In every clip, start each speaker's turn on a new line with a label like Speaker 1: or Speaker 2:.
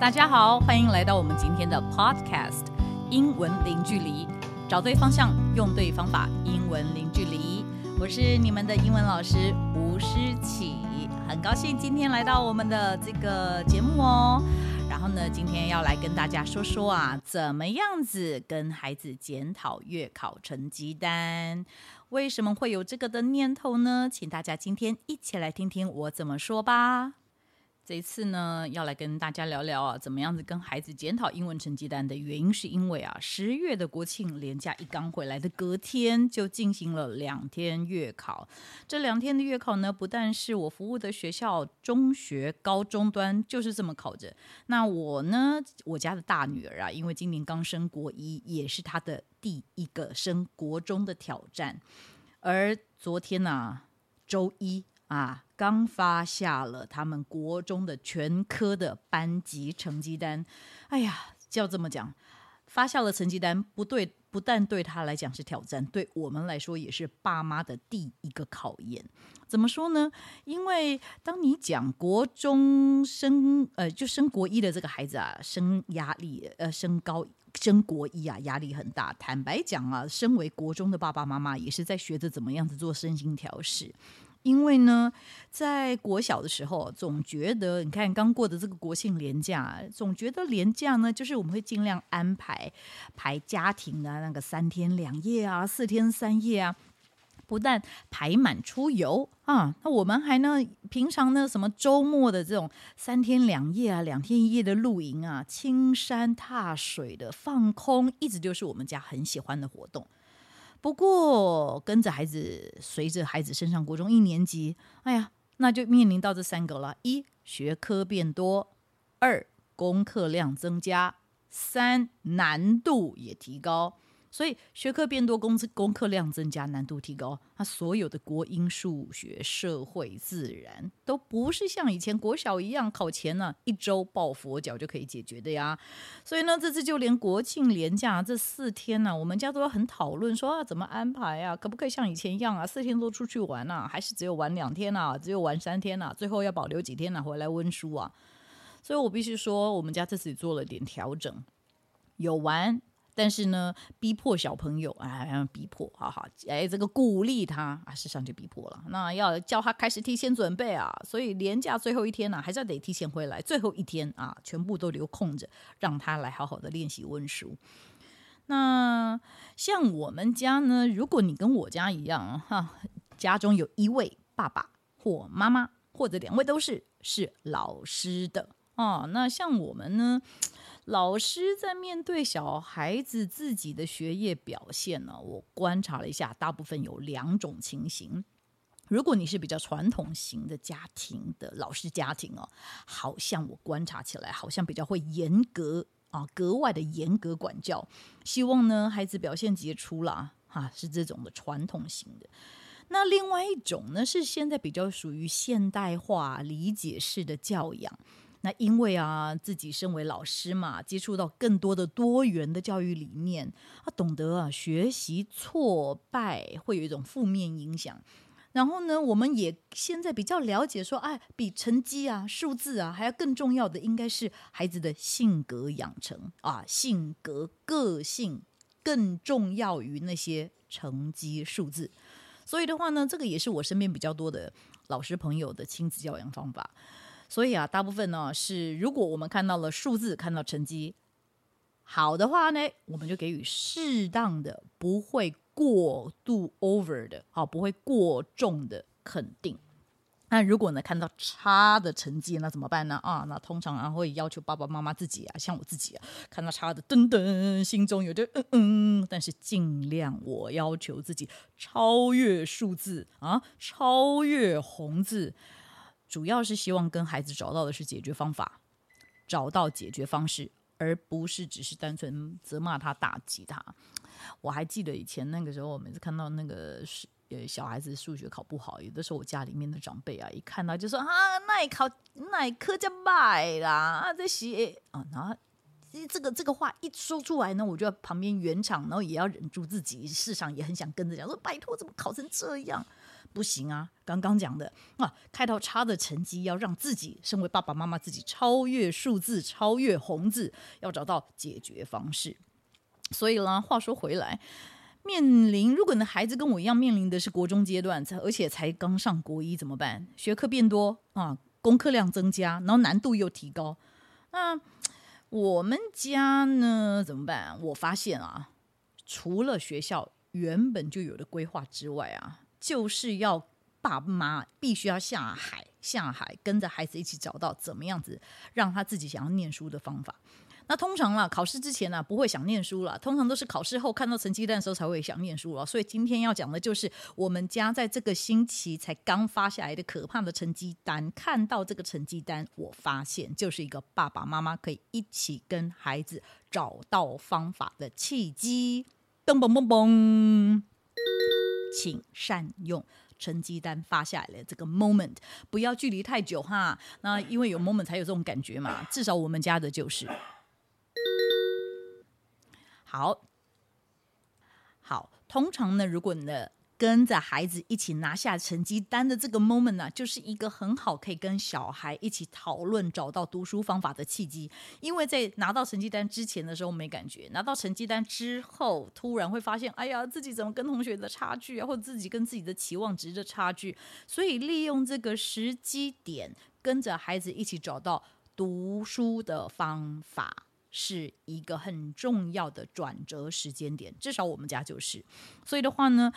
Speaker 1: 大家好，歡迎來到我們今天的 Podcast《英文零距離》，找對方向，用對方法，英文零距離。我是你們的英文老師吳詩綺，很高興今天來到我們的這個節目哦。然後呢，今天要來跟大家說說啊，怎麼樣子跟孩子檢討月考成績單？為什麼會有這個的念頭呢？請大家今天一起來聽聽我怎麼說吧。這一次呢，要來跟大家聊聊啊，怎麼樣子跟孩子檢討英文成績單的原因，是因為啊，十月的國慶連假一剛回來的隔天，就進行了兩天月考。這兩天的月考呢，不但是我服務的學校中學高中端就是這麼考着。那我呢，我家的大女兒啊，因為今年剛升國一，也是她的第一個升國中的挑戰。而昨天呢，啊，週一啊。剛發下了他們國中的全科的班級成績單，哎呀，就要這麼講，發下了成績單不對，不但對他來講是挑戰，對我們來說也是爸媽的第一個考驗。怎麼說呢？因為當你講國中生，呃，就升國一的這個孩子啊，升壓力，呃，升高升國一啊，壓力很大。坦白講啊，身為國中的爸爸媽媽，也是在學着怎麼樣子做身心調適。因為呢，在國小的時候，總覺得你看剛過的這個國慶連假，總覺得連假呢，就是我們會盡量安排排家庭的、啊、那個三天兩夜啊，四天三夜啊，不但排滿出遊啊，那我們還呢，平常呢，什麼週末的這種三天兩夜啊，兩天一夜的露營啊，青山踏水的放空，一直就是我們家很喜歡的活動。不過，跟着孩子，隨着孩子升上國中一年級，哎呀，那就面臨到這三個了：一、學科變多；二、功課量增加；三、難度也提高。所以學科變多，工資功課量增加，難度提高。他、啊、所有的國英、數學、社會、自然，都不是像以前國小一樣考前呢、啊、一周抱佛腳就可以解決的呀。所以呢，這次就連國慶連假這四天呢、啊，我們家都要很討論說啊，怎麼安排啊？可不可以像以前一樣啊？四天都出去玩啊，還是只有玩兩天啊？只有玩三天啊。最後要保留幾天呢、啊？回來溫書啊。所以我必須說，我們家這次也做了點調整，有玩。但是呢，逼迫小朋友，哎，逼迫，好好哎，這個鼓勵他啊，實際上就逼迫了。那要教他開始提前準備啊，所以連假最後一天呢、啊，還是要得提前回來。最後一天啊，全部都留空着，讓他來好好的練習溫書。那像我們家呢，如果你跟我家一樣，哈、啊，家中有一位爸爸或媽媽，或者兩位都是是老師的啊，那像我們呢？老師在面對小孩子自己的學業表現呢、啊，我觀察了一下，大部分有兩種情形。如果你是比較傳統型的家庭的老師家庭哦、啊，好像我觀察起來，好像比較會嚴格啊，格外的嚴格管教，希望呢孩子表現傑出啦，哈、啊，是這種的傳統型的。那另外一種呢，是現在比較屬於現代化理解式的教養。那因為啊，自己身為老師嘛，接觸到更多的多元的教育理念，啊，懂得啊，學習挫敗會有一種負面影響。然後呢，我們也現在比較了解說，哎，啊，比成績啊、數字啊還要更重要的，應該是孩子的性格養成啊，性格個性更重要於那些成績數字。所以的話呢，這個也是我身邊比較多的老師朋友的親子教養方法。所以啊，大部分呢是，如果我們看到了數字，看到成績好的話呢，我們就給予適當的，不會過度 over 的，啊，不會過重的肯定。那如果呢，看到差的成績，那怎麼辦呢？啊，那通常啊會要求爸爸媽媽自己啊，像我自己啊，看到差的，噔噔，心中有點嗯嗯，但是盡量我要求自己超越數字啊，超越紅字。主要是希望跟孩子找到的是解決方法，找到解決方式，而不是只是單純責罵他、打擊他。我還記得以前那個時候，我每次看到那個是呃小孩子數學考不好，有的時候我家裡面的長輩啊，一看到就說啊，哪一考哪一科就敗啦啊，這些啊，然後這個這個話一說出來呢，我就在旁邊圓場，然後也要忍住自己，事實上也很想跟着講說，拜託怎麼考成這樣。不行啊！剛剛講的啊，看到差的成績，要讓自己身為爸爸媽媽自己超越數字，超越紅字，要找到解決方式。所以啦，話說回來，面臨如果你的孩子跟我一樣面臨的是國中階段，而且才剛上國一怎麼辦？學科變多啊，功課量增加，然後難度又提高。那、啊、我們家呢？怎麼辦？我發現啊，除了學校原本就有的規劃之外啊。就是要爸媽必須要下海下海，跟着孩子一起找到怎麼樣子讓他自己想要念書的方法。那通常啦，考試之前呢、啊、不會想念書了，通常都是考試後看到成績單的時候才會想念書了。所以今天要講的就是我們家在這個星期才剛發下來的可怕的成績單。看到這個成績單，我發現就是一個爸爸媽媽可以一起跟孩子找到方法的契機。噔嘣嘣嘣。請善用成績單發下來的這個 moment，不要距離太久哈。那因為有 moment 才有這種感覺嘛，至少我們家的就是。好，好，通常呢，如果你的。跟着孩子一起拿下成績單的這個 moment 呢、啊，就是一個很好可以跟小孩一起討論、找到讀書方法的契機。因為在拿到成績單之前的時候沒感覺，拿到成績單之後，突然會發現，哎呀，自己怎麼跟同學的差距啊，或者自己跟自己的期望值的差距。所以，利用這個時機點，跟着孩子一起找到讀書的方法，是一個很重要的轉折時間點。至少我們家就是。所以的話呢。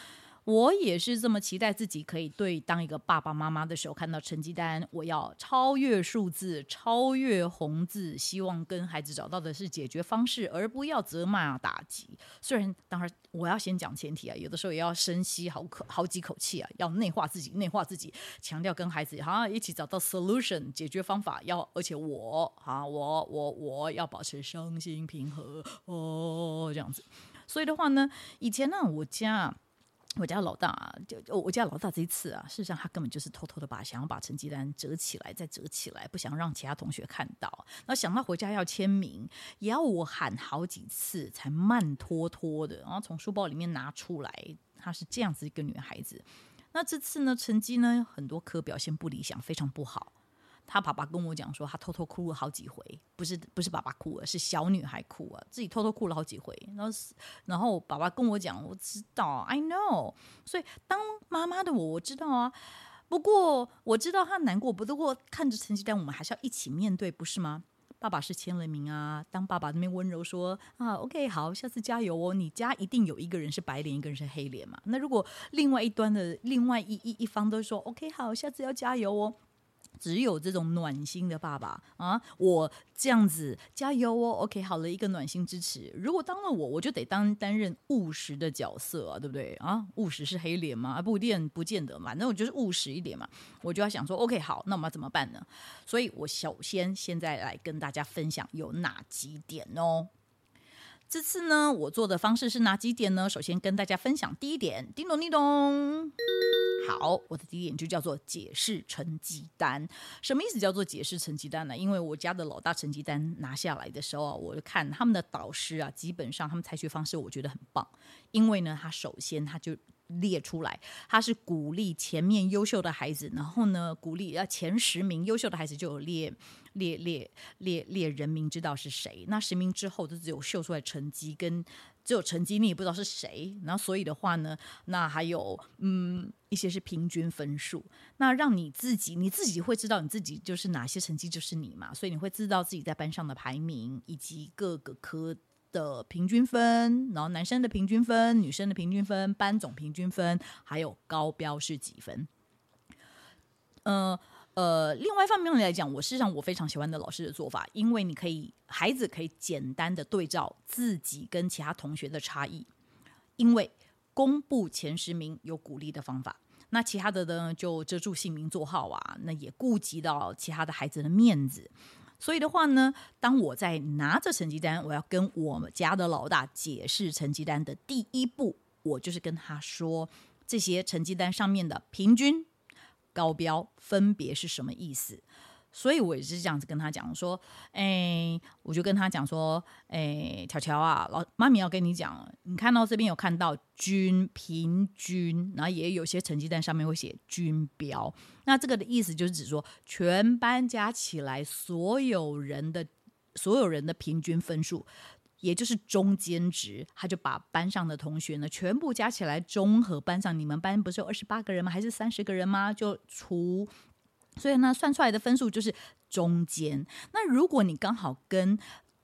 Speaker 1: 我也是這麼期待自己可以對當一個爸爸媽媽的時候，看到成績單，我要超越數字，超越紅字，希望跟孩子找到的是解決方式，而不要責罵、打擊。雖然當然，我要先講前提啊，有的時候也要深吸好口好幾口氣啊，要內化自己，內化自己，強調跟孩子啊一起找到 solution 解決方法要，要而且我哈、啊，我我我要保持身心平和哦，這樣子。所以的話呢，以前呢，我家。我家老大就、啊、我我家老大這一次啊，事實上他根本就是偷偷的把想要把成績單折起來再折起來，不想讓其他同學看到。那想到回家要簽名，也要我喊好幾次才慢拖拖的，然後從書包裡面拿出來。她是這樣子一個女孩子。那這次呢，成績呢很多科表現不理想，非常不好。他爸爸跟我講說，他偷偷哭了好幾回，不是不是爸爸哭了，是小女孩哭了，自己偷偷哭了好幾回。然後然後爸爸跟我講，我知道，I know。所以當媽媽的我，我知道啊。不過我知道他難過，不過看着成績單，我們還是要一起面對，不是嗎？爸爸是簽了名啊。當爸爸那邊溫柔說啊，OK，好，下次加油哦。你家一定有一個人是白臉，一個人是黑臉嘛？那如果另外一端的另外一一一方都說 OK，好，下次要加油哦。只有這種暖心的爸爸啊，我這樣子加油哦，OK，好了一個暖心支持。如果當了我，我就得當擔任務實的角色啊，對不對啊？務實是黑臉嘛？不見不見得嘛，那我就是務實一點嘛，我就要想說，OK，好，那我們要怎麼辦呢？所以我首先現在來跟大家分享有哪幾點哦。這次呢，我做的方式是哪幾點呢？首先跟大家分享第一點，叮咚叮咚。好，我的第一點就叫做解釋成績單。什麼意思叫做解釋成績單呢？因為我家的老大成績單拿下來的時候啊，我就看他們的導師啊，基本上他們採取方式我覺得很棒，因為呢，他首先他就。列出來，他是鼓勵前面優秀的孩子，然後呢，鼓勵前十名優秀的孩子就有列列列列列人名，知道是誰，那十名之後就只有秀出來成績，跟只有成績你也不知道是誰，然後所以的話呢，那還有嗯一些是平均分數，那讓你自己，你自己會知道你自己就是哪些成績就是你嘛，所以你會知道自己在班上的排名以及各個科的平均分，然後男生的平均分，女生的平均分、班總平均分，還有高標是幾分？呃呃，另外一方面來講，我事實上我非常喜歡的老師的做法，因為你可以，孩子可以簡單的對照自己跟其他同學的差異。因為公布前十名有鼓勵的方法，那其他的呢，就遮住姓名座號啊，那也顧及到其他的孩子的面子。所以的話呢，當我在拿着成績單，我要跟我們家的老大解釋成績單的第一步，我就是跟他說這些成績單上面的平均、高標分別是什麼意思。所以，我也是這樣子跟他講說：“哎、欸，我就跟他講說，哎、欸，巧巧啊，老媽咪要跟你講，你看到、哦、這邊有看到均、平均，然後也有些成績單上面會寫均標，那這個的意思就是指說全班加起來所有人的所有人的平均分數，也就是中間值。他就把班上的同學呢全部加起來，綜合班上，你們班不是有二十八個人嗎？還是三十個人嗎？就除。”所以呢，算出來的分數就是中間。那如果你剛好跟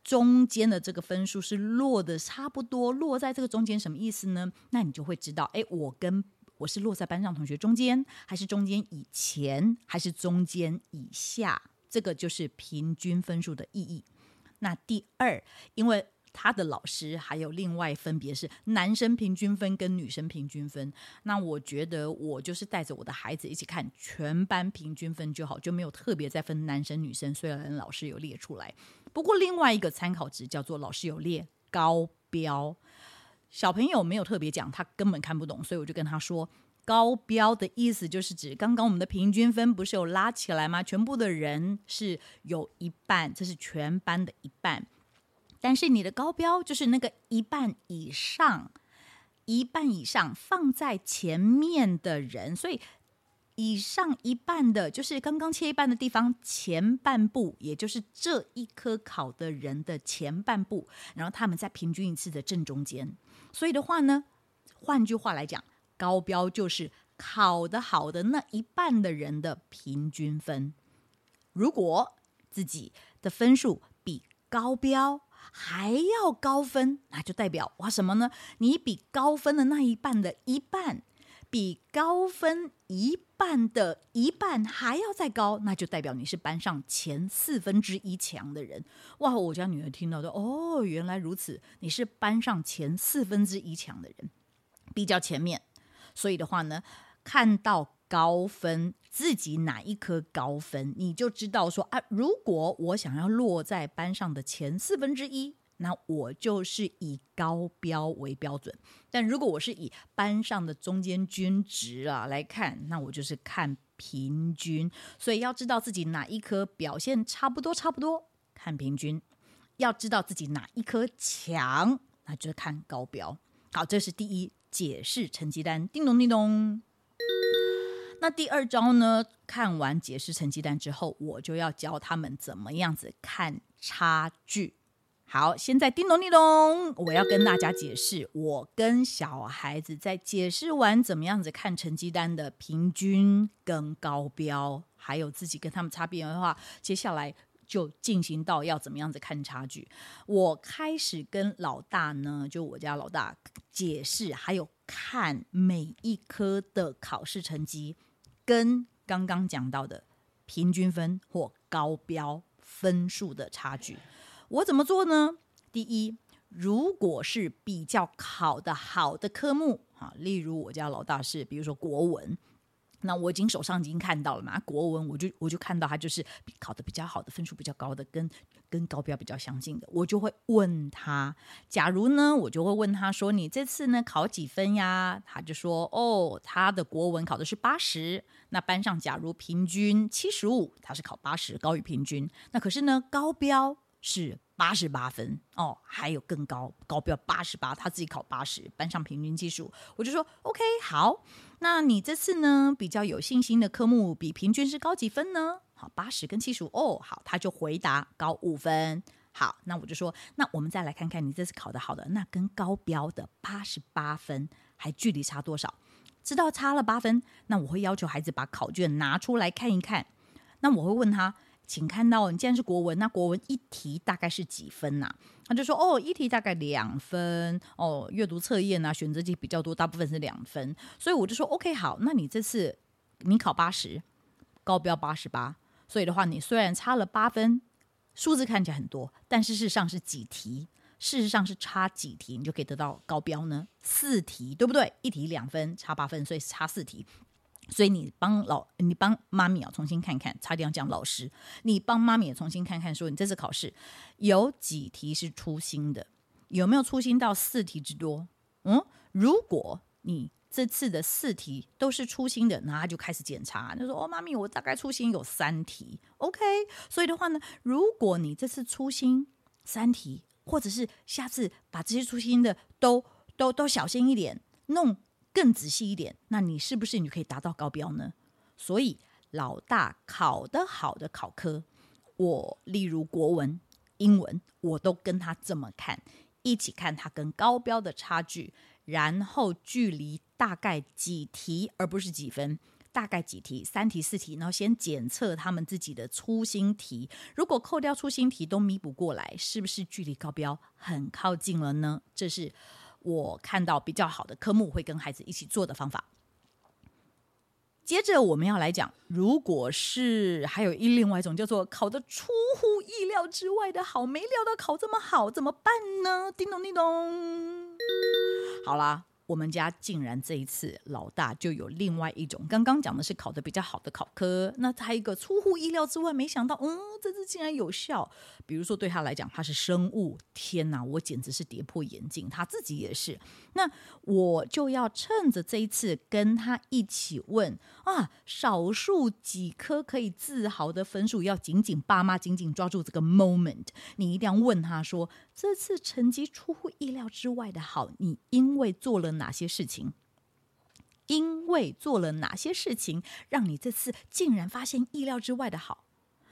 Speaker 1: 中間的這個分數是落得差不多，落在這個中間，什麼意思呢？那你就會知道，誒，我跟我是落在班上同學中間，還是中間以前，還是中間以下？這個就是平均分數的意義。那第二，因為。他的老師還有另外分別是男生平均分跟女生平均分。那我覺得我就是帶着我的孩子一起看全班平均分就好，就沒有特別再分男生女生。雖然老師有列出來，不過另外一個參考值叫做老師有列高標，小朋友沒有特別講，他根本看不懂，所以我就跟他說，高標的意思就是指剛剛我們的平均分不是有拉起來嗎？全部的人是有一半，這是全班的一半。但是你的高標就是那個一半以上，一半以上放在前面的人，所以以上一半的就是剛剛切一半的地方前半部，也就是這一科考的人的前半部，然後他們在平均一次的正中間。所以的話呢，換句話來講，高標就是考得好的那一半的人的平均分。如果自己的分數比高標，還要高分，那就代表哇什麼呢？你比高分的那一半的一半，比高分一半的一半還要再高，那就代表你是班上前四分之一強的人。哇，我家女兒聽到的哦，原來如此，你是班上前四分之一強的人，比較前面。所以的話呢，看到。高分自己哪一科高分，你就知道說啊。如果我想要落在班上的前四分之一，那我就是以高標為標準；但如果我是以班上的中間均值啊來看，那我就是看平均。所以要知道自己哪一科表現差不多，差不多看平均；要知道自己哪一科強，那就是看高標。好，這是第一解釋成績單。叮咚，叮咚。那第二招呢？看完解釋成績單之後，我就要教他們怎麼樣子看差距。好，現在叮咚叮咚，我要跟大家解釋，我跟小孩子在解釋完怎麼樣子看成績單的平均跟高標，還有自己跟他們差別的話，接下來就進行到要怎麼樣子看差距。我開始跟老大呢，就我家老大解釋，還有看每一科的考試成績。跟剛剛講到的平均分或高標分數的差距，我怎麼做呢？第一，如果是比較考得好的科目，啊，例如我家老大是，比如說國文。那我已經手上已經看到了嘛，國文我就我就看到他就是考得比較好的分數比較高的，跟跟高標比較相近的，我就會問他，假如呢，我就會問他說你這次呢考幾分呀？他就說哦，他的國文考的是八十，那班上假如平均七十五，他是考八十高於平均，那可是呢高標是八十八分哦，還有更高高標八十八，他自己考八十，班上平均七十五，我就說 OK 好。那你這次呢比較有信心的科目比平均是高幾分呢？好，八十跟七十五哦，好，他就回答高五分。好，那我就說，那我們再來看看你這次考得好的，那跟高標的八十八分還距離差多少？知道差了八分，那我會要求孩子把考卷拿出來看一看，那我會問他。請看到，你既然是國文，那國文一題大概是幾分啊？他就說，哦，一題大概兩分。哦，閱讀測驗啊，選擇題比較多，大部分是兩分。所以我就說，OK，好，那你這次你考八十，高標八十八。所以的話，你雖然差了八分，數字看起來很多，但事實上是幾題？事實上是差幾題，你就可以得到高標呢？四題，對不對？一題兩分，差八分，所以差四題。所以你幫老你幫媽咪啊、哦，重新看看，差點要講老師。你幫媽咪也重新看看，說你這次考試有幾題是粗心的，有沒有粗心到四題之多？嗯，如果你這次的四題都是粗心的，那他就開始檢查，你就說：“哦，媽咪，我大概粗心有三題。” OK，所以的話呢，如果你這次粗心三題，或者是下次把這些粗心的都都都小心一點弄。更仔細一點，那你是不是你可以達到高標呢？所以老大考得好的考科，我例如國文、英文，我都跟他這麼看，一起看他跟高標的差距，然後距離大概幾題，而不是幾分，大概幾題，三題、四題，然後先檢測他們自己的粗心題，如果扣掉粗心題都彌補過來，是不是距離高標很靠近了呢？這是。我看到比較好的科目，會跟孩子一起做的方法。接着我們要來講，如果是還有一另外一種叫做考得出乎意料之外的好，沒料到考這麼好，怎麼辦呢？叮咚叮咚，好啦。我們家竟然這一次老大就有另外一種，剛剛講的是考得比較好的考科，那他一個出乎意料之外，沒想到，嗯，這次竟然有效。比如說，對他來講，他是生物，天哪，我簡直是跌破眼鏡。他自己也是，那我就要趁着這一次跟他一起問啊，少數幾科可以自豪的分數，要緊緊爸媽緊緊抓住這個 moment，你一定要問他說，這次成績出乎意料之外的好，你因為做了哪些事情？因為做了哪些事情，讓你這次竟然發現意料之外的好？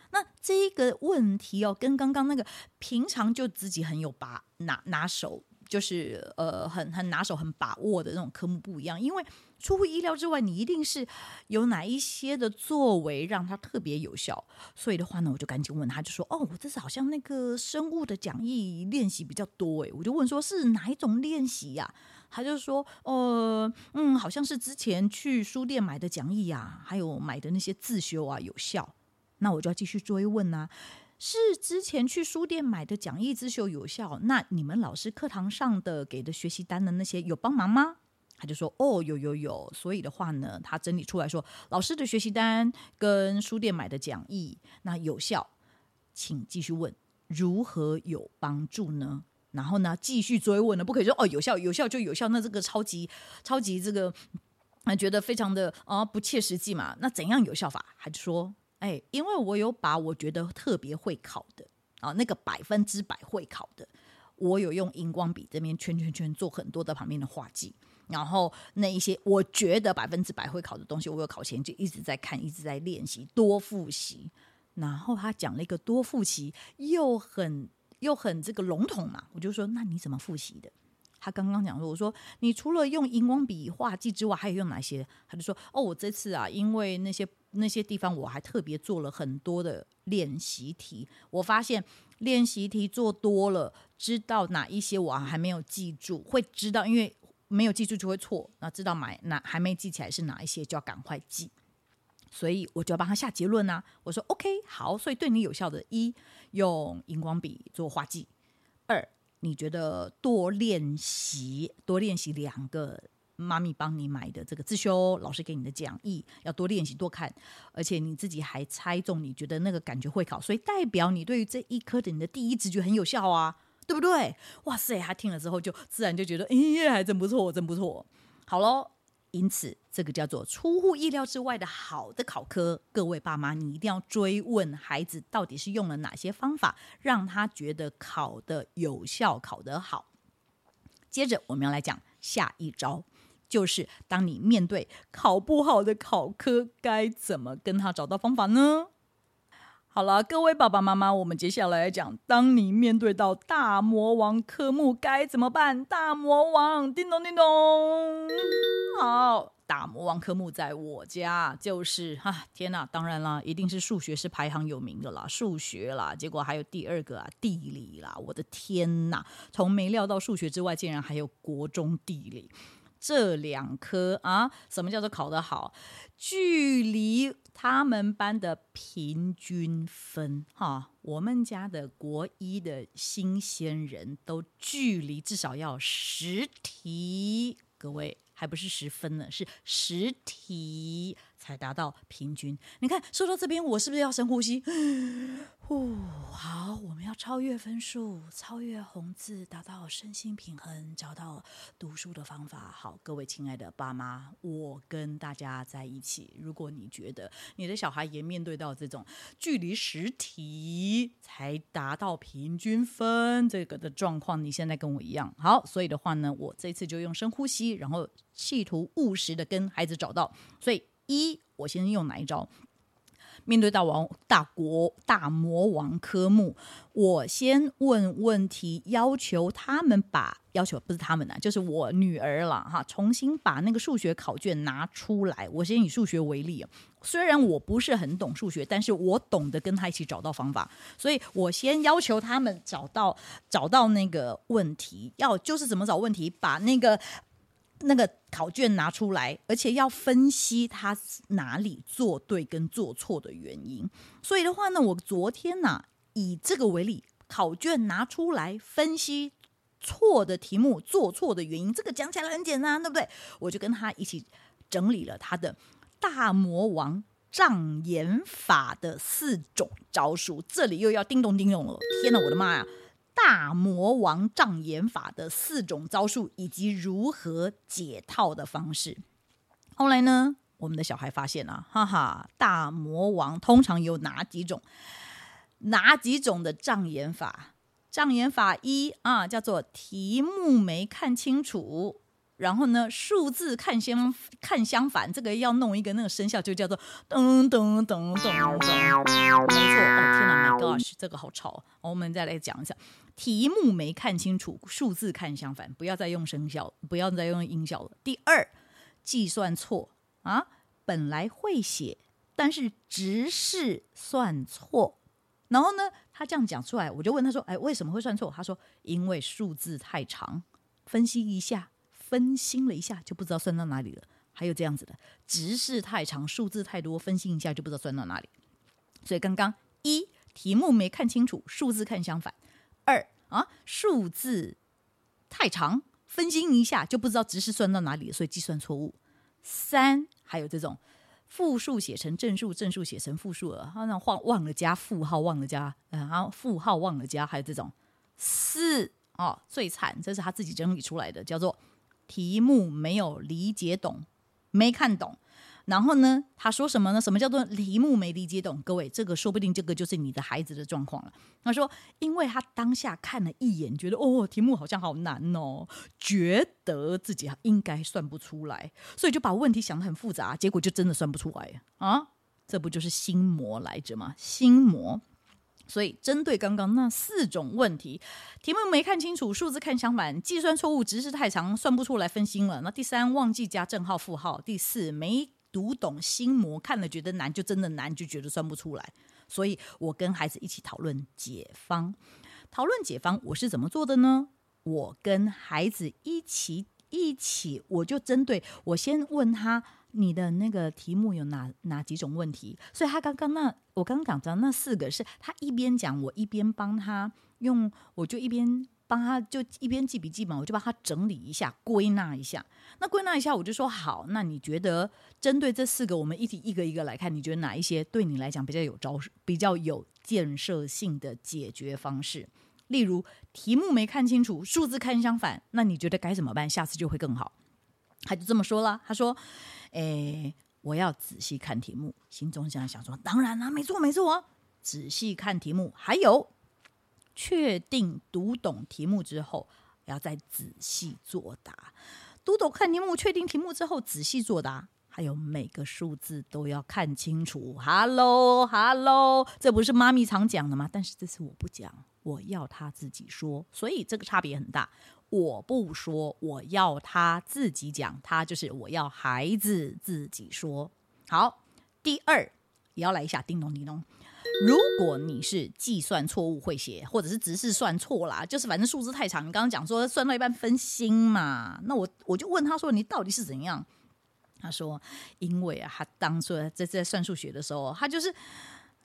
Speaker 1: 那這個問題哦，跟剛剛那個平常就自己很有把拿拿手，就是呃，很很拿手、很把握的那種科目不一樣，因為出乎意料之外，你一定是有哪一些的作為讓他特別有效。所以的話呢，我就趕緊問他，就說：“哦，我這次好像那個生物的講義練習比較多。”誒，我就問說：“是哪一種練習呀？”他就說：“呃，嗯，好像是之前去書店買的講義啊，還有買的那些自修啊，有效。”那我就要繼續追問吶。是之前去書店買的講義自修有效，那你們老師課堂上的給的學習單的那些有幫忙嗎？他就說哦，有有有，所以的話呢，他整理出來說老師的學習單跟書店買的講義那有效，請繼續問如何有幫助呢？然後呢繼續追問呢，不可以說哦有效有效就有效，那這個超級超級這個啊覺得非常的啊、哦、不切實際嘛，那怎樣有效法？他就說。哎、欸，因為我有把我覺得特別會考的啊，那個百分之百會考的，我有用熒光筆這邊圈圈圈做很多的旁邊的畫記，然後那一些我覺得百分之百會考的東西，我有考前就一直在看，一直在練習，多復習。然後他講了一個多復習，又很又很這個籠統嘛，我就說那你怎麼復習的？他剛剛講說：“我說，你除了用熒光筆畫記之外，還有用哪些？”他就說：“哦，我這次啊，因為那些那些地方，我還特別做了很多的練習題。我發現練習題做多了，知道哪一些我還沒有記住，會知道，因為沒有記住就會錯。那知道買哪還沒記起來是哪一些，就要趕快記。所以我就要幫他下結論啊。我說：OK，好。所以對你有效的一，用熒光筆做畫記；二。”你覺得多練習，多練習兩個媽咪幫你買的這個自修老師給你的講義，要多練習多看，而且你自己還猜中，你覺得那個感覺會考，所以代表你對於這一科的你的第一直覺很有效啊，對不對？哇塞，他聽了之後就自然就覺得，咦，還真不錯，真不錯，好嘍。因此，這個叫做出乎意料之外的好的考科，各位爸媽，你一定要追問孩子到底是用了哪些方法，讓他覺得考得有效、考得好。接着，我們要來講下一招，就是當你面對考不好的考科，該怎麼跟他找到方法呢？好了，各位爸爸媽媽，我們接下來講，當你面對到大魔王科目該怎麼辦？大魔王，叮咚叮咚。好，大魔王科目在我家就是啊，天哪！當然啦，一定是數學是排行有名的啦，數學啦。結果還有第二個啊，地理啦，我的天哪，從沒料到數學之外，竟然還有國中地理這兩科啊。什麼叫做考得好？距離，他們班的平均分，哈、哦，我們家的國一的新鮮人都距離至少要十題，各位還不是十分呢，是十題。才達到平均。你看，說到這邊，我是不是要深呼吸？呼，好，我們要超越分數，超越紅字，達到身心平衡，找到讀書的方法。好，各位親愛的爸媽，我跟大家在一起。如果你覺得你的小孩也面對到這種距離十題，才達到平均分這個的狀況，你現在跟我一樣。好，所以的話呢，我這次就用深呼吸，然後企圖務實的跟孩子找到，所以。一，我先用哪一招？面對大王、大國、大魔王科目，我先問問題，要求他們把要求不是他們啊，就是我女兒了哈。重新把那個數學考卷拿出來，我先以數學為例。雖然我不是很懂數學，但是我懂得跟他一起找到方法，所以我先要求他們找到找到那個問題，要就是怎麼找問題，把那個。那個考卷拿出來，而且要分析他哪裡做對跟做錯的原因。所以的話呢，我昨天呢、啊、以這個為例，考卷拿出來分析錯的題目做錯的原因，這個講起來很簡單，對不對？我就跟他一起整理了他的大魔王障眼法的四種招數。這裡又要叮咚叮咚了，天哪，我的媽呀！大魔王障眼法的四種招數以及如何解套的方式，後來呢，我們的小孩發現了啊，哈哈！大魔王通常有哪幾種？哪幾種的障眼法？障眼法一啊，叫做題目沒看清楚。然後呢，數字看相看相反，這個要弄一個那個聲效，就叫做噔噔噔噔噔。沒錯，哦天哪，my gosh，這個好吵。我們再來講一下，題目沒看清楚，數字看相反，不要再用聲效，不要再用音效了。第二，計算錯啊，本來會寫，但是只是算錯。然後呢，他這樣講出來，我就問他說：“哎，為什麼會算錯？”他說：“因為數字太長。”分析一下。分心了一下，就不知道算到哪裡了。還有這樣子的，直式太長，數字太多，分心一下就不知道算到哪裡。所以剛剛一題目沒看清楚，數字看相反。二啊，數字太長，分心一下就不知道直式算到哪裡了，所以計算錯誤。三還有這種負數寫成正數，正數寫成負數了，然那忘忘了加負號，忘了加，啊，然後負號忘了加，還有這種四啊、哦，最慘，這是他自己整理出來的，叫做。題目沒有理解懂，沒看懂，然後呢？他說什麼呢？什麼叫做題目沒理解懂？各位，這個說不定這個就是你的孩子的狀況了。他說，因為他當下看了一眼，覺得哦，題目好像好難哦，覺得自己應該算不出來，所以就把問題想得很複雜，結果就真的算不出來啊！這不就是心魔來着嗎？心魔。所以，針對剛剛那四種問題：題目沒看清楚，數字看相反，計算錯誤，式子太長算不出來，分心了；那第三，忘記加正號負號；第四，沒讀懂心魔，看了覺得難，就真的難，就覺得算不出來。所以我跟孩子一起討論解方，討論解方，我是怎麼做的呢？我跟孩子一起一起，我就針對我先問他。你的那個題目有哪哪幾種問題？所以他剛剛那我剛剛講的那四個，是他一邊講，我一邊幫他用，我就一邊幫他就一邊記筆記本，我就幫他整理一下，歸納一下。那歸納一下，我就說好，那你覺得針對這四個，我們一題一個一個來看，你覺得哪一些對你來講比較有招，比較有建設性的解決方式？例如題目沒看清楚，數字看相反，那你覺得該怎麼辦？下次就會更好。他就這麼說了，他說。欸、我要仔細看題目，心中心想想說：當然啦，沒錯沒錯哦。仔細看題目，還有確定讀懂題目之後，要再仔細作答。讀懂看題目，確定題目之後仔細作答，還有每個數字都要看清楚。Hello，Hello，Hello, 這不是媽咪常講的嗎？但是這次我不講，我要她自己說，所以這個差別很大。我不說，我要他自己講。他就是我要孩子自己說。好，第二也要來一下，叮咚叮咚。如果你是計算錯誤會寫，或者是只是算錯啦，就是反正數字太長。你剛剛講說算到一半分心嘛，那我我就問他說，你到底是怎樣？他說因為啊，他當初在在算數學的時候，他就是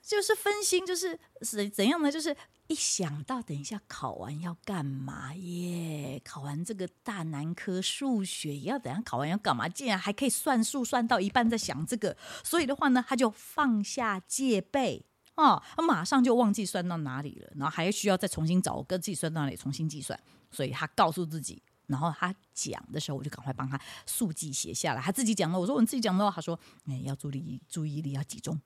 Speaker 1: 就是分心，就是是怎樣呢？就是。一想到等一下考完要幹嘛耶？考完這個大難科數學，也要等下考完要幹嘛？竟然還可以算數，算到一半再想這個，所以的話呢，他就放下戒備啊、哦，他馬上就忘記算到哪裡了，然後還需要再重新找跟自己算到哪裡重新計算。所以他告訴自己，然後他講的時候，我就趕快幫他速記寫下來。他自己講了，我說我自己講的話，他說：“哎，要注意注意力要集中，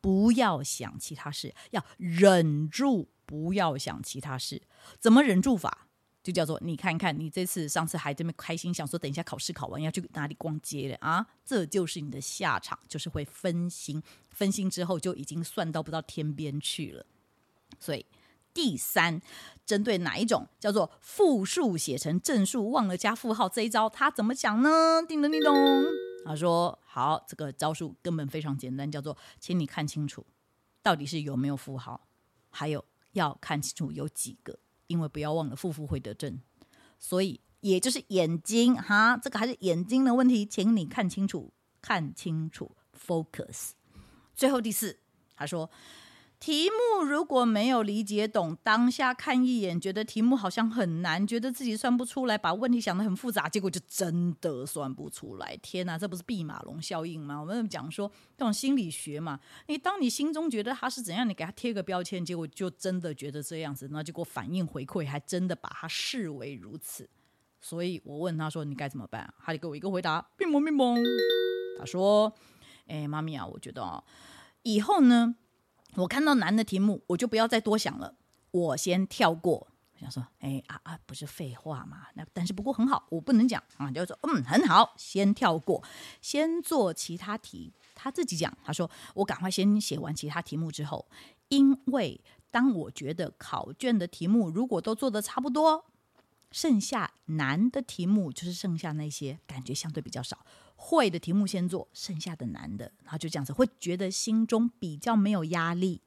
Speaker 1: 不要想其他事，要忍住。”不要想其他事，怎麼忍住法？就叫做你看看，你這次、上次還這麼開心，想說等一下考試考完要去哪裡逛街了啊？這就是你的下場，就是會分心。分心之後就已經算到不到天邊去了。所以第三，針對哪一種叫做負數寫成正數忘了加負號這一招，他怎麼講呢？叮咚叮咚，他說：“好，這個招數根本非常簡單，叫做請你看清楚，到底是有沒有負號，還有。”要看清楚有幾個，因為不要忘了負負會得正，所以也就是眼睛哈，這個還是眼睛的問題，請你看清楚，看清楚，focus。最後第四，他說。題目如果沒有理解懂，當下看一眼，覺得題目好像很難，覺得自己算不出來，把問題想得很複雜，結果就真的算不出來。天吶，這不是畢馬龍效應嗎？我們講說這種心理學嘛，你當你心中覺得他是怎樣，你給他貼個標籤，結果就真的覺得這樣子，那結果反應回饋還真的把它視為如此。所以我問他說：“你該怎麼辦？”他就給我一個回答：“咪蒙咪蒙。”他說：“誒、欸，媽咪啊，我覺得啊、哦，以後呢。”我看到難的題目，我就不要再多想了，我先跳過。我想說，哎、欸、啊啊，不是廢話嘛。那但是不過很好，我不能講啊、嗯，就說嗯，很好，先跳過，先做其他題。他自己講，他說我趕快先寫完其他題目之後，因為當我覺得考卷的題目如果都做得差不多，剩下難的題目就是剩下那些感覺相對比較少。會的題目先做，剩下的難的，然後就這樣子，會覺得心中比較沒有壓力。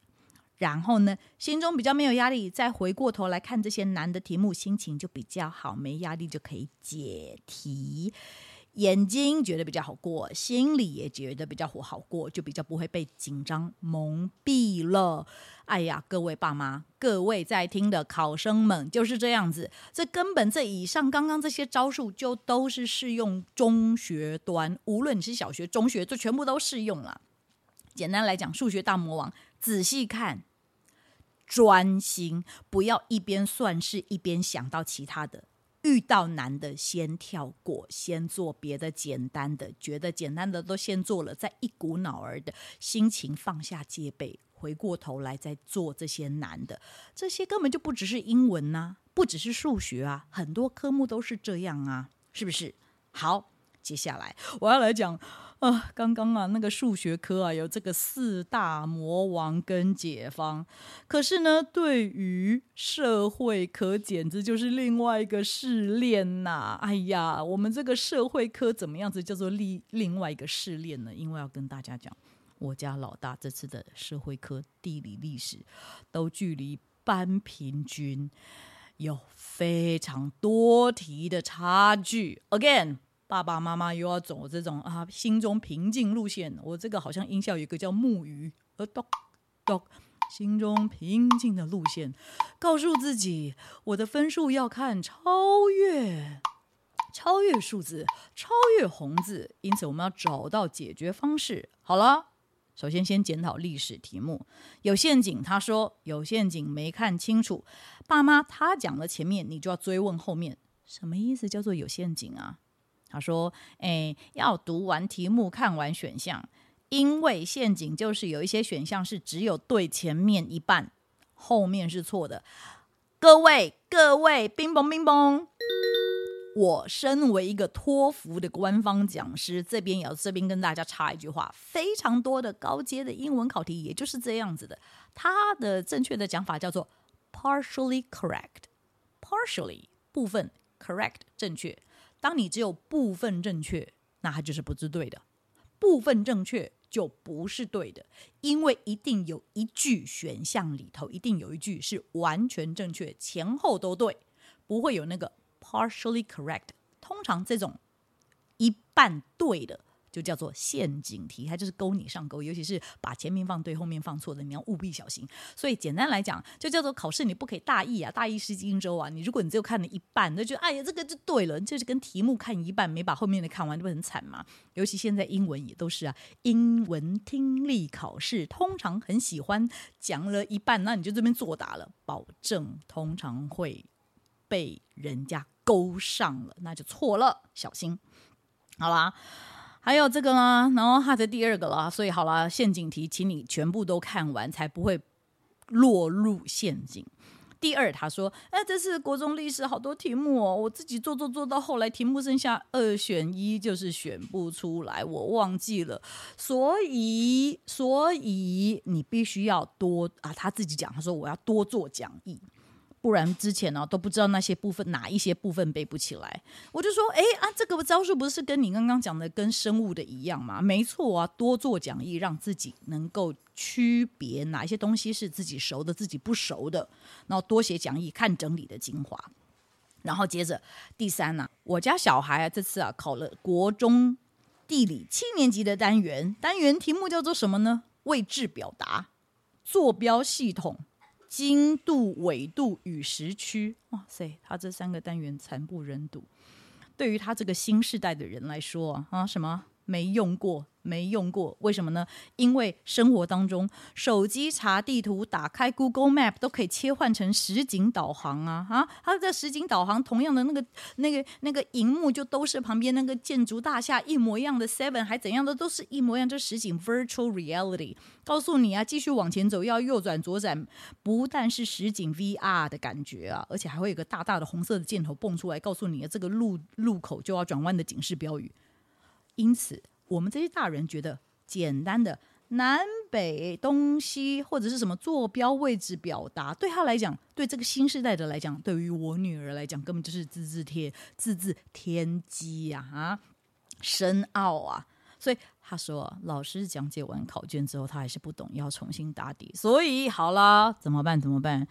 Speaker 1: 然後呢，心中比較沒有壓力，再回過頭來看這些難的題目，心情就比較好，沒壓力就可以解題。眼睛覺得比較好過，心裡也覺得比較好過，就比較不會被緊張蒙蔽了。哎呀，各位爸媽，各位在聽的考生們就是這樣子。這根本這以上剛剛這些招數，就都是適用中學端，無論你是小學、中學，就全部都適用了。簡單來講，數學大魔王，仔細看，專心，不要一邊算式一邊想到其他的。遇到難的先跳過，先做別的簡單的，覺得簡單的都先做了，再一股腦兒的心情放下戒備，回過頭來再做這些難的。這些根本就不只是英文吶、啊，不只是數學啊，很多科目都是這樣啊，是不是？好，接下來我要來講。啊、呃，剛剛啊，那個數學科啊，有這個四大魔王跟解方，可是呢，對於社會科簡直就是另外一個試煉吶、啊！哎呀，我們這個社會科怎麼樣子叫做另另外一個試煉呢？因為要跟大家講，我家老大這次的社會科，地理，歷史，都距離班平均有非常多題的差距。Again。爸爸媽媽又要走這種啊，心中平靜路線。我這個好像音效有一個叫木魚，呃，dog 咚咚，心中平靜的路線，告訴自己，我的分數要看超越，超越數字，超越紅字。因此，我們要找到解決方式。好了，首先先檢討歷史題目，有陷阱。他說有陷阱，沒看清楚。爸媽，他講了前面，你就要追問後面，什麼意思？叫做有陷阱啊？他說：“哎，要讀完題目，看完選項，因為陷阱就是有一些選項是只有對前面一半，後面是錯的。各位，各位，乒乓乒乓。我身為一個托福的官方講師，這邊也要這邊跟大家插一句話，非常多的高階的英文考題也就是這樣子的。它的正確的講法叫做 part correct, partially correct，partially 部分 correct 正確。”當你只有部分正確，那它就是不是對的。部分正確就不是對的，因為一定有一句選項裡頭，一定有一句是完全正確，前後都對，不會有那個 partially correct。通常這種一半對的。就叫做陷阱題，它就是勾你上鈎，尤其是把前面放對，後面放錯的，你要務必小心。所以簡單來講，就叫做考試你不可以大意啊，大意失荊州啊。你如果你只有看了一半，那就哎呀，這個就對了，就是跟題目看一半，沒把後面的看完，那不很慘嗎？尤其現在英文也都是啊，英文聽力考試通常很喜歡講了一半，那你就這邊作答了，保證通常會被人家勾上了，那就錯了，小心。好了。還有這個呢，然後他的第二個啦。所以好了，陷阱題，請你全部都看完，才不會落入陷阱。第二，他說：“哎，這是國中歷史好多題目哦，我自己做做做到後來，題目剩下二選一，就是選不出來，我忘記了。所以，所以你必須要多啊，他自己講，他說我要多做講義。”不然之前呢、啊、都不知道那些部分哪一些部分背不起來，我就說，哎啊，這個招數不是跟你剛剛講的跟生物的一樣嗎？沒錯啊，多做講義，讓自己能夠區別哪一些東西是自己熟的，自己不熟的，然後多寫講義，看整理的精華，然後接着第三呢、啊，我家小孩啊這次啊考了國中地理七年級的單元，單元題目叫做什麼呢？位置表達，坐標系統，經度、緯度與時區，哇塞，他這三個單元慘不忍睹。對於他這個新時代的人來說啊，啊什麼？沒用過，沒用過，為什麼呢？因為生活當中，手機查地圖、打開 Google Map 都可以切換成實景導航啊！啊，它這實景導航同樣的那個、那個、那個熒幕就都是旁邊那個建築大廈一模一樣的 Seven，還怎樣的都是一模一樣，這實景 Virtual Reality 告訴你啊，繼續往前走，要右轉左轉，不但是實景 VR 的感覺啊，而且還會有個大大的紅色的箭頭蹦出來，告訴你啊，這個路路口就要轉彎的警示標語。因此，我們這些大人覺得簡單的南北東西或者是什麼坐標位置表達，對他來講，對這個新時代新世代的來講，對於我女兒來講，根本就是字字貼字字天機呀啊，深奧啊！所以他說，老師講解完考卷之後，他還是不懂，要重新打底。所以好了，怎麼辦？怎麼辦？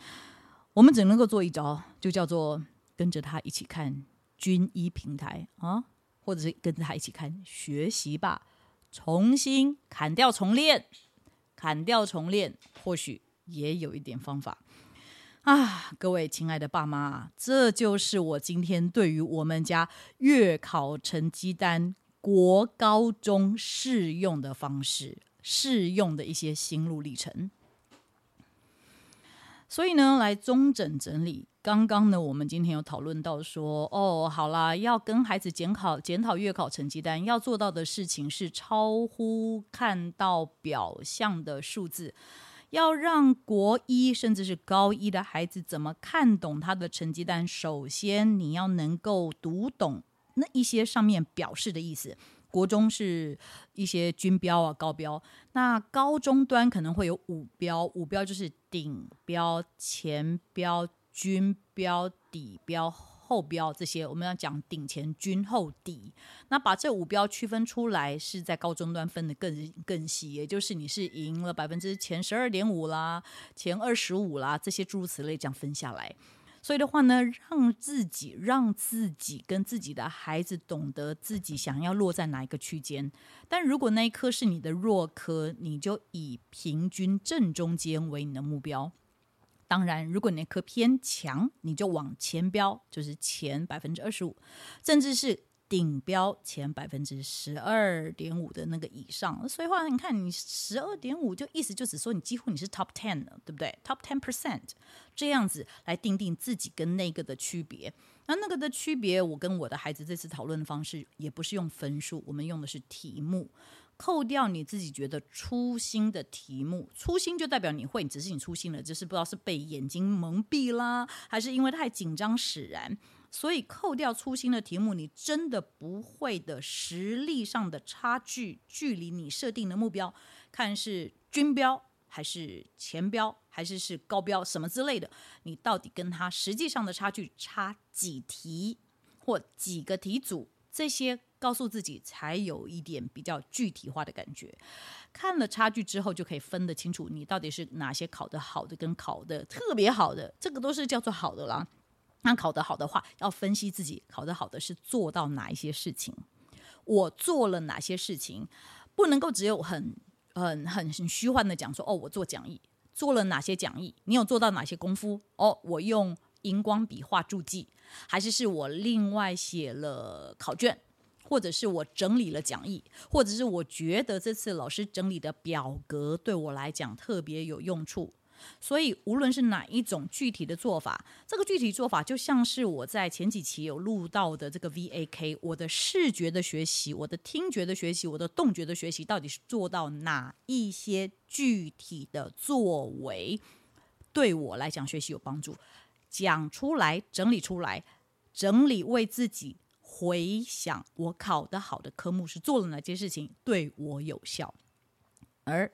Speaker 1: 我們只能夠做一招，就叫做跟着他一起看均一平台啊。或者是跟着他一起看學習吧，重新砍掉重練，砍掉重練，或許也有一點方法啊！各位親愛的爸媽，這就是我今天對於我們家月考成績單國高中適用的方式，適用的一些心路歷程。所以呢，來綜整整理。剛剛呢，我們今天有討論到說，哦，好啦，要跟孩子檢考、檢討月考成績單，要做到的事情是超乎看到表象的數字。要讓國一甚至是高一的孩子怎麼看懂他的成績單？首先，你要能夠讀懂那一些上面表示的意思。國中是一些均標啊、高標，那高中端可能會有五標，五標就是頂標、前標。均標、底標、後標這些，我們要講頂前均後底。那把這五標區分出來，是在高中段分得更更細，也就是你是贏了百分之前十二點五啦、前二十五啦，這些諸如此類這樣分下來。所以的話呢，讓自己、讓自己跟自己的孩子懂得自己想要落在哪一個區間。但如果那一科是你的弱科，你就以平均正中間為你的目標。當然，如果你那科偏強，你就往前標，就是前百分之二十五，甚至是頂標前百分之十二點五的那個以上。所以話，你看你十二點五，就意思就是說你幾乎你是 top ten 了，對不對？top ten percent 這樣子來定定自己跟那個的區別。那那個的區別，我跟我的孩子這次討論的方式也不是用分數，我們用的是題目。扣掉你自己覺得粗心的題目，粗心就代表你會，只是你粗心了，就是不知道是被眼睛蒙蔽啦，還是因為太緊張使然。所以扣掉粗心的題目，你真的不會的，實力上的差距，距離你設定的目標，看是均標還是前標，還是是高標什麼之類的，你到底跟他實際上的差距差幾題或幾個題組這些。告訴自己才有一點比較具體化的感覺，看了差距之後，就可以分得清楚你到底是哪些考得好的，跟考得特別好的，這個都是叫做好的啦。那、啊、考得好的話，要分析自己考得好的是做到哪一些事情，我做了哪些事情，不能夠只有很很很虛幻的講說哦，我做講義，做了哪些講義，你有做到哪些功夫哦，我用熒光筆畫注記，還是是我另外寫了考卷。或者是我整理了講義，或者是我覺得這次老師整理的表格對我來講特別有用處，所以無論是哪一種具體的做法，這個具體做法就像是我在前幾期有錄到的這個 VAK，我的視覺的學習，我的聽覺的學習，我的動覺的學習，到底是做到哪一些具體的作為對我來講學習有幫助，講出來，整理出來，整理為自己。回想我考得好的科目，是做了哪些事情對我有效，而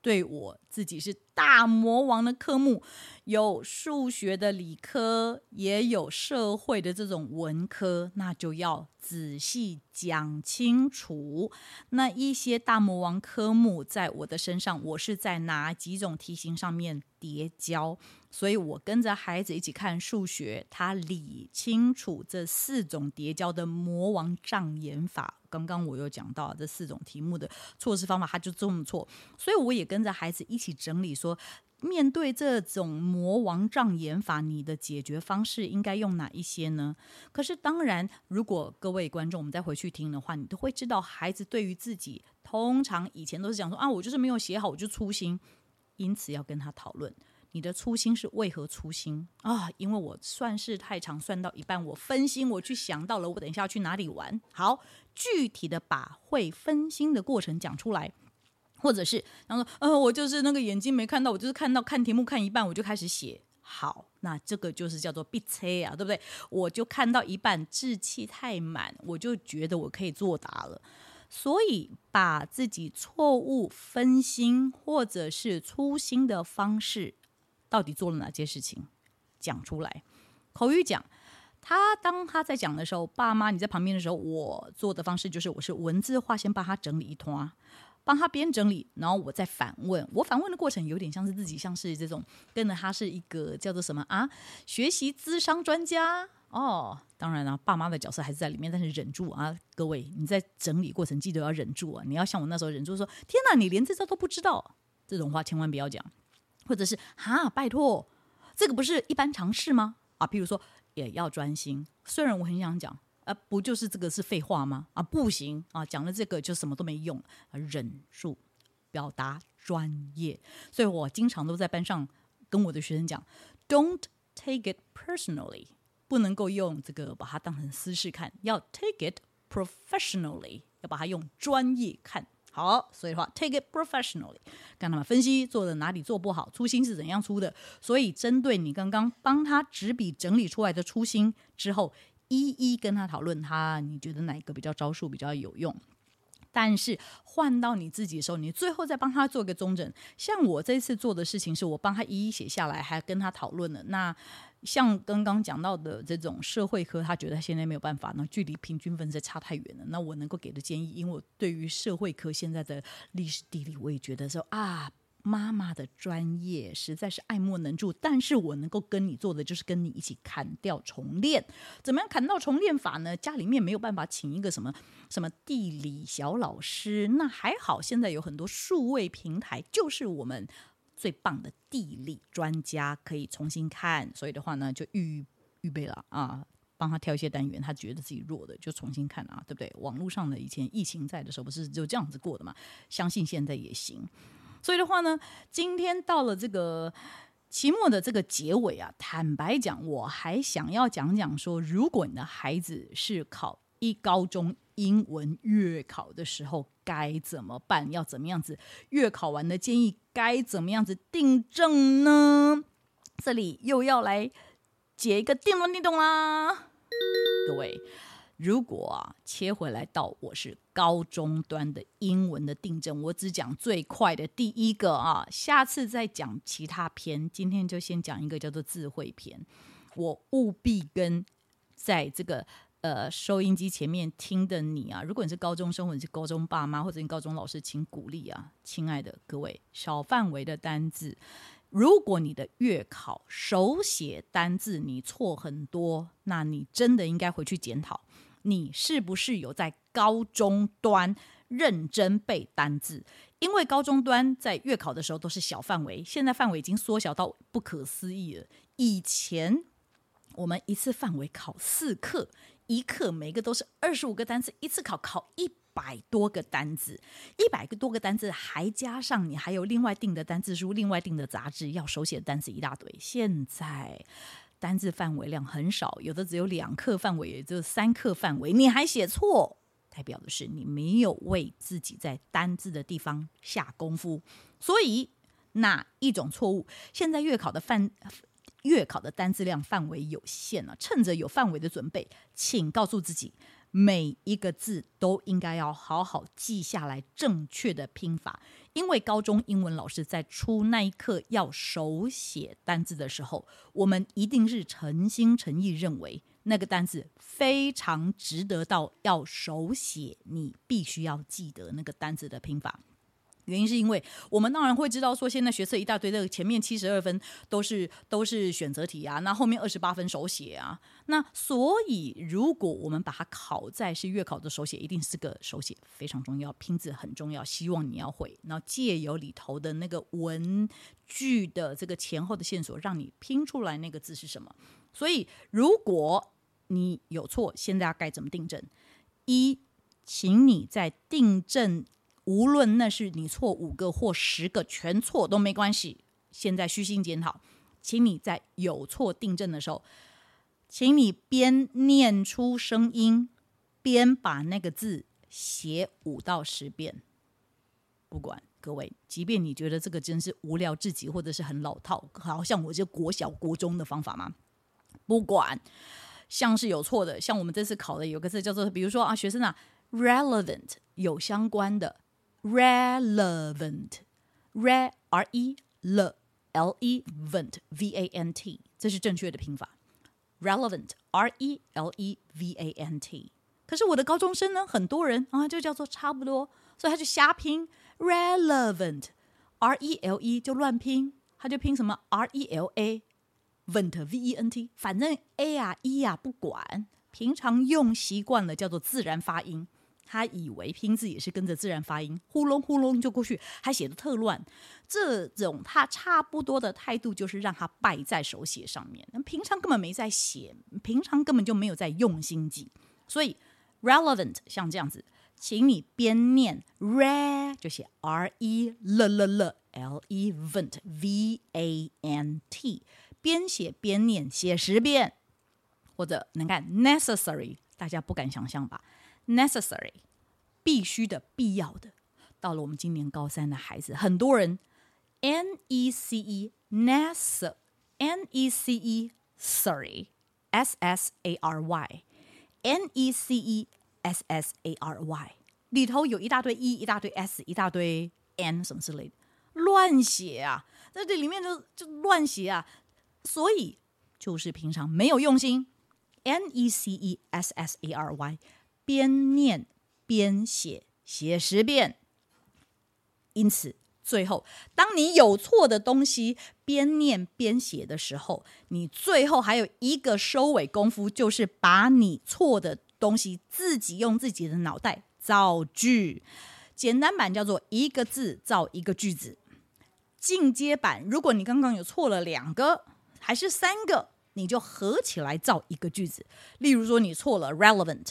Speaker 1: 對我自己是。大魔王的科目有數學的理科，也有社會的這種文科，那就要仔細講清楚。那一些大魔王科目在我的身上，我是在哪幾種題型上面跌跤，所以我跟着孩子一起看數學，他理清楚這四種跌跤的魔王障眼法。剛剛我有講到這四種題目的措施方法，他就這麼錯。所以我也跟着孩子一起整理說。說面對這種魔王障眼法，你的解決方式應該用哪一些呢？可是當然，如果各位觀眾我們再回去聽的話，你都會知道，孩子對於自己通常以前都是講說啊，我就是沒有寫好，我就粗心，因此要跟他討論，你的粗心是為何粗心啊、哦？因為我算式太長，算到一半我分心，我去想到了我等一下要去哪裡玩，好，具體的把會分心的過程講出來。或者是然後說：“嗯、呃，我就是那個眼睛沒看到，我就是看到看題目看一半，我就開始寫。好，那這個就是叫做必猜啊，對不對？我就看到一半，志氣太滿，我就覺得我可以作答了。所以把自己錯誤、分心或者是粗心的方式，到底做了哪些事情，講出來。口語講，他當他在講的時候，爸媽你在旁邊的時候，我做的方式就是，我是文字化，先把它整理一通啊。”幫他邊整理，然後我再反問。我反問的過程有點像是自己，像是這種跟着他是一個叫做什麼啊？學習諮商專家哦。當然了、啊，爸媽的角色還是在裡面，但是忍住啊！各位，你在整理過程記得要忍住啊！你要像我那時候忍住說：“天哪，你連這招都不知道、啊！”這種話千萬不要講，或者是“哈、啊，拜托，這個不是一般常識嗎？”啊，譬如說也要專心。雖然我很想講。啊，不就是這個是廢話嗎？啊，不行啊，講了這個就什麼都沒用。啊，忍住，表達專業，所以我經常都在班上跟我的學生講，Don't take it personally，不能夠用這個把它當成私事看，要 take it professionally，要把它用專業看。好，所以的話，take it professionally，跟他們分析做的哪裡做不好，粗心是怎樣粗的。所以針對你剛剛幫他執筆整理出來的粗心之後。一一跟他討論他，他你覺得哪一個比較招數比較有用？但是換到你自己的時候，你最後再幫他做一個綜整。像我這次做的事情，是我幫他一一寫下來，還跟他討論了。那像剛剛講到的這種社會科，他覺得現在沒有辦法，那距離平均分是差太遠了。那我能夠給的建議，因為我對於社會科現在的歷史地理，我也覺得說啊。媽媽的專業實在是愛莫能助，但是我能夠跟你做的就是跟你一起砍掉重練。怎麼樣砍到重練法呢？家裡面沒有辦法請一個什麼什麼地理小老師，那還好，現在有很多數位平台，就是我們最棒的地理專家可以重新看。所以的話呢，就預預備了啊，幫他挑一些單元，他覺得自己弱的就重新看啊，對不對？網絡上的以前疫情在的時候不是就這樣子過的嘛，相信現在也行。所以的話呢，今天到了這個期末的這個結尾啊，坦白講，我還想要講講說，如果你的孩子是考一高中英文月考的時候，該怎麼辦？要怎麼樣子？月考完的建議該怎麼樣子訂正呢？這裡又要來解一個定論，你懂啦， 各位。如果啊，切回來到我是高中端的英文的訂正，我只講最快的第一個啊，下次再講其他篇。今天就先講一個叫做智慧篇，我務必跟在這個呃收音機前面聽的你啊，如果你是高中生，或者是高中爸媽，或者是高中老師，請鼓勵啊，親愛的各位，小範圍的單字，如果你的月考手寫單字你錯很多，那你真的應該回去檢討。你是不是有在高中端認真背單字？因為高中端在月考的時候都是小範圍，現在範圍已經縮小到不可思議了。以前我們一次範圍考四課，一課每個都是二十五個單詞，一次考考一百多個單字，一百個多個單字，還加上你還有另外訂的單字書，另外訂的雜誌要手寫的單詞一大堆。現在。單字範圍量很少，有的只有兩課範圍，也就三課範圍，你還寫錯、哦，代表的是你沒有為自己在單字的地方下功夫。所以哪一種錯誤，現在月考的範，月考的單字量範圍有限了、啊，趁着有範圍的準備，請告訴自己，每一個字都應該要好好記下來，正確的拼法。因為高中英文老師在出那一刻要手寫單字的時候，我們一定是誠心誠意認為那個單字非常值得到要手寫，你必須要記得那個單字的拼法。原因是因為我們當然會知道說，現在學測一大堆的前面七十二分都是都是選擇題啊，那後面二十八分手寫啊。那所以，如果我們把它考在是月考的手寫，一定是個手寫，非常重要，拼字很重要，希望你要會。那借由裡頭的那個文句的這個前後的線索，讓你拼出來那個字是什麼。所以，如果你有錯，現在該怎麼訂正？一，請你在訂正，無論那是你錯五個或十個，全錯都沒關係。現在虛心檢討，請你在有錯訂正的時候。請你邊念出聲音，邊把那個字寫五到十遍。不管各位，即便你覺得這個真是無聊至極，或者是很老套，好像我這國小國中的方法嗎？不管，像是有錯的，像我們這次考的有個字叫做，比如說啊，學生啊，relevant 有相關的，relevant re r e l e l e v a n t v a n t，這是正確的拼法。relevant，r e l e v a n t，可是我的高中生呢，很多人啊、嗯、就叫做差不多，所以他就瞎拼 relevant，r e l e 就亂拼，他就拼什麼 r e l a v e n t，反正 a 呀 e 呀不管，平常用習慣了叫做自然發音。他以為拼字也是跟着自然發音，呼隆呼隆就過去，還寫得特亂。這種他差不多的態度，就是讓他敗在手寫上面。平常根本沒在寫，平常根本就沒有在用心記。所以，relevant 像這樣子，請你邊念 r e 就寫 r e l l l l e v e n t v a n t，邊寫邊念，寫十遍，或者能看 necessary，大家不敢想象吧。necessary，必須的、必要的。到了我們今年高三的孩子，很多人 n e c e n a s、e e，n e c e s s a r y n e c e s s a r y 裡頭有一大堆 e，一大堆 s，一大堆 n 什麼之類的亂寫啊，在這裡面就就亂寫啊。所以就是平常沒有用心 n e c e s s a r y。邊唸邊寫，寫十遍。因此，最後當你有錯的東西邊唸邊寫的時候，你最後還有一個收尾功夫，就是把你錯的東西自己用自己的腦袋造句。簡單版叫做一個字造一個句子。進階版，如果你剛剛有錯了兩個還是三個，你就合起來造一個句子。例如說，你錯了 relevant。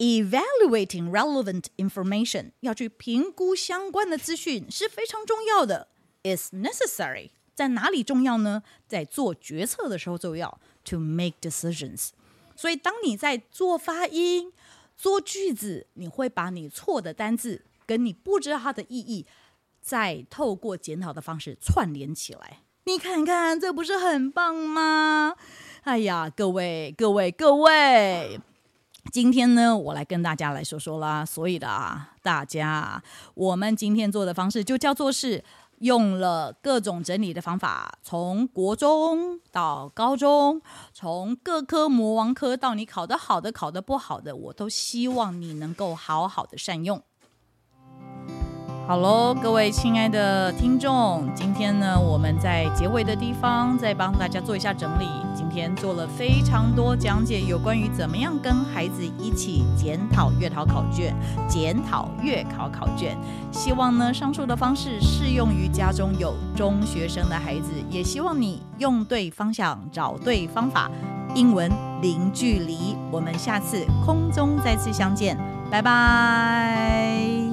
Speaker 1: Evaluating relevant information，要去評估相關的資訊是非常重要的。It's necessary，在哪裡重要呢？在做決策的時候重要。To make decisions，所以當你在做發音、做句子，你會把你錯的單字跟你不知道它的意義，再透過檢討的方式串聯起來。你看看，這不是很棒嗎？哎呀，各位，各位，各位。今天呢，我來跟大家來說說啦。所以的啊，大家，我們今天做的方式就叫做是用了各種整理的方法，從國中到高中，從各科魔王科到你考得好的、考得不好的，我都希望你能夠好好的善用。好嘍，各位親愛的聽眾，今天呢，我們在結尾的地方再幫大家做一下整理。今天做了非常多講解，有關於怎麼樣跟孩子一起檢討月考考卷、檢討月考考卷。希望呢，上述的方式適用於家中有中學生的孩子，也希望你用對方向，找對方法，英文零距離。我們下次空中再次相見，拜拜。